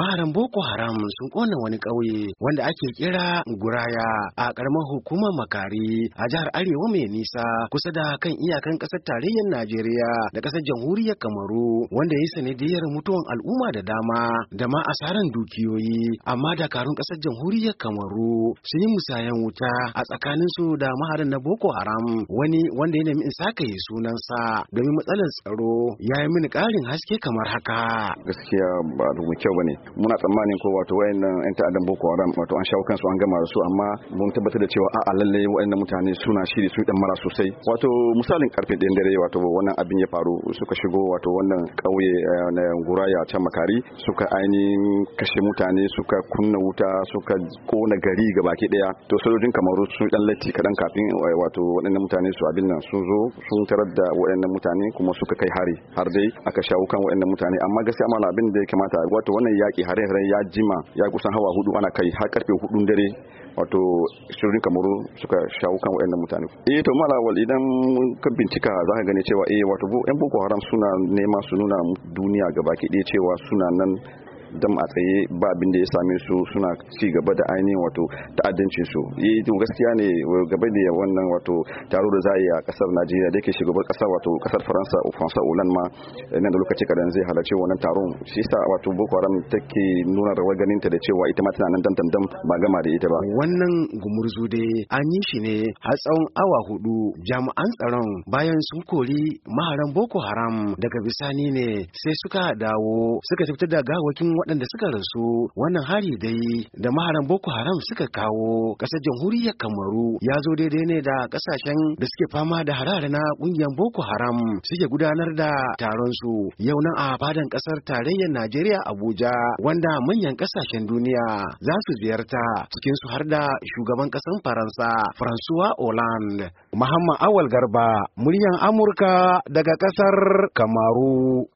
maharan boko haram sun kona wani ƙauye wanda ake kira guraya a karamar hukumar makari a jihar arewa mai nisa kusa da kan iyakan ƙasar tarayyar najeriya da ƙasar jamhuriyar kamaru wanda ya sanadiyar mutuwan al'umma da dama da ma asaran dukiyoyi amma dakarun ƙasar jamhuriyar kamaru sun yi musayan wuta a tsakanin su da maharan na boko haram wani wanda ya nemi in sunan sunansa domin matsalar tsaro ya yi mini ƙarin haske kamar haka gaskiya ba kyau ne. muna tsammanin ko wato wayannan yan ta'addan boko haram wato an shawo kansu an gama da su amma mun tabbatar da cewa a'a lalle wayannan mutane suna shiri su dan mara sosai wato misalin karfe ɗayan dare wato wannan abin ya faru suka shigo wato wannan ƙauye eh, na guraya can makari suka ainihin kashe mutane suka kunna wuta suka kona gari gabaki daya to sojojin kamaru sun dan latti kadan kafin eh, wato waɗannan mutane su abin nan sun zo sun tarar da waɗannan mutane kuma suka kai hari har dai aka shawo kan waɗannan mutane amma gaskiya mana abin da ya kamata wato wannan yaki yaki hare hare ya jima ya kusan hawa hudu ana kai har karfe hudun dare wato shirin kamaru suka shawo kan waɗannan mutane eh to malawal idan ka bincika za ka gane cewa eh wato yan boko haram suna nema su nuna duniya gabaki ɗaya cewa suna nan dam a tsaye ba abin da ya same su suna ci gaba da ainihin wato ta'addanci su yi eh, to gaskiya ne gaba da wannan wato taro da za a yi a kasar Najeriya da yake shugaban kasar wato kasar Faransa Ufansa Ulan ma eh, nan da lokaci kadan zai halarci wannan taron shi yasa wato Boko Haram take nuna rawar ganin ta da cewa ita ma tana nan dam ba gama da ita ba wannan gumurzu dai an yi shi ne har tsawon awa hudu jami'an tsaron bayan sun kori maharan Boko Haram daga bisani ne sai suka dawo suka tafi da gawakin waɗanda suka rasu wannan hari dai da maharan boko haram suka kawo ƙasar jamhuriyar kamaru ya zo daidai ne da ƙasashen da suke fama da harare na ƙungiyar boko haram suke gudanar da taron su yau nan a fadan ƙasar tarayyar najeriya abuja wanda manyan ƙasashen duniya za su ziyarta cikin su har da shugaban ƙasar faransa françois hollande muhammad awal garba muryan amurka daga ƙasar kamaru